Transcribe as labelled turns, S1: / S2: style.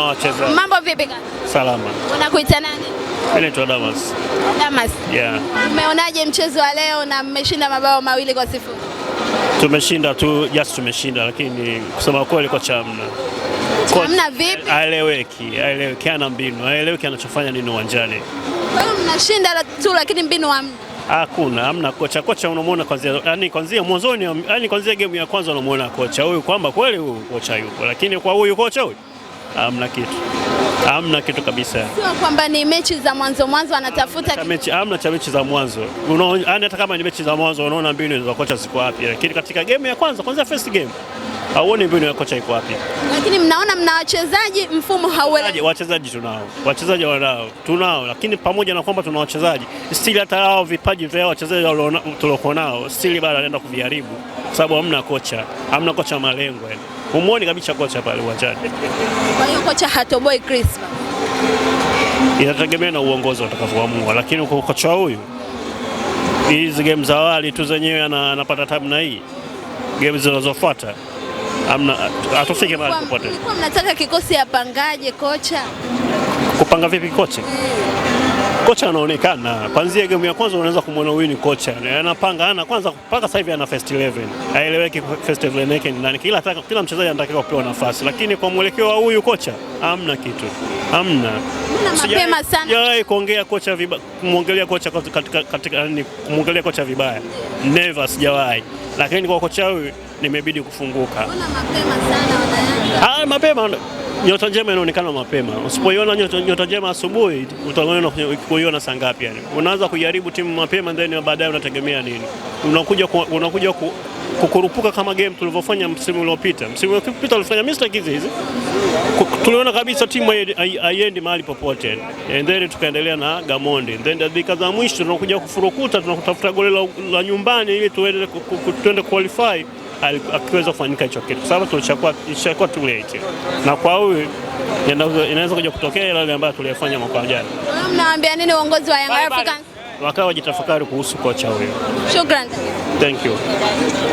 S1: Wachezaji. Ah, Mambo vipi kaka? Salama. Unakuita nani?
S2: Naitwa Damas. Damas. Yeah.
S1: Umeonaje mchezo wa leo na mmeshinda mabao mawili kwa sifuri?
S2: Tumeshinda tu, just tumeshinda, lakini kusema kweli kocha hamna.
S1: Hamna vipi?
S2: Haeleweki, haeleweki, ana mbinu, haeleweki anachofanya nini uwanjani.
S1: Kwa hiyo mnashinda tu lakini mbinu hamna.
S2: Hakuna, hamna kocha. Kocha unamwona kwanza, yani kwanza mwanzoni, yani kwanza game ya kwanza unamwona kocha huyu kwamba kweli huyu kocha yupo, lakini kwa huyu kocha huyu hamna kitu, hamna kitu kabisa.
S1: Sio kwamba ni mechi za mwanzo mwanzo anatafuta
S2: mechi, hamna cha mechi za mwanzo. Unaona, hata kama ni mechi za mwanzo unaona mbinu za kocha ziko wapi, lakini katika game ya kwanza kwanza, first game hauoni mbinu ya kocha iko wapi.
S1: Lakini mnaona mna wachezaji, mfumo hauelewi.
S2: Wachezaji tunao, wachezaji wanao tunao, lakini pamoja na kwamba tuna wachezaji stili, hata hao vipaji vya wachezaji tuliokuwa nao stili bado anaenda kuviharibu, kwa sababu hamna kocha, hamna kocha malengo, yani humuoni kabisa kocha pale uwanjani.
S1: Kwa hiyo kocha hatoboi Christmas,
S2: inategemea na uongozi watakavyoamua, lakini kwa kocha huyu hizi game za awali tu zenyewe anapata tabu na hii game zinazofuata amna atofike mahali popote.
S1: Mnataka kikosi apangaje kocha?
S2: Kupanga vipi kocha? Eh kocha anaonekana kwanzia game ya kwanza, unaweza kumwona huyu ni kocha, anapanga ana kwanza mpaka sasa hivi ana first 11, aeleweke first 11 yake ni nani. Kila ataka, kila mchezaji anatakiwa kupewa nafasi, lakini kwa mwelekeo wa huyu kocha hamna kitu, hamna
S1: mapema sana
S2: yeye kuongea kocha vibaya, kumwongelea kocha katika katika yani kumwongelea kocha vibaya, never, sijawahi, lakini kwa kocha huyu nimebidi kufunguka.
S1: Mbona mapema sana wanayanga?
S2: Ah, mapema nyota njema inaonekana mapema. Usipoiona nyota njema asubuhi, utaona kuiona saa ngapi? Yani unaanza kujaribu timu mapema, then baadaye unategemea nini? Unakuja unakuja ku, kukurupuka kama game tulivyofanya msimu uliopita. Msimu uliopita tulifanya mistake hizi hizi, tuliona kabisa timu haiendi mahali popote, and then tukaendelea na Gamondi, then dakika za mwisho tunakuja kufurukuta, tunakutafuta goli la, la nyumbani ili tuende tuende qualify akiweza kufanyika hicho kitu, kwa sababu tulishakuwa too late, na kwa huyu inaweza kuja kutokea ile ambayo tuliyofanya mwaka jana.
S1: Mnawaambia nini uongozi wa Yanga Africans?
S2: Wakawa wajitafakari kuhusu kocha huyo. Shukrani. Thank you.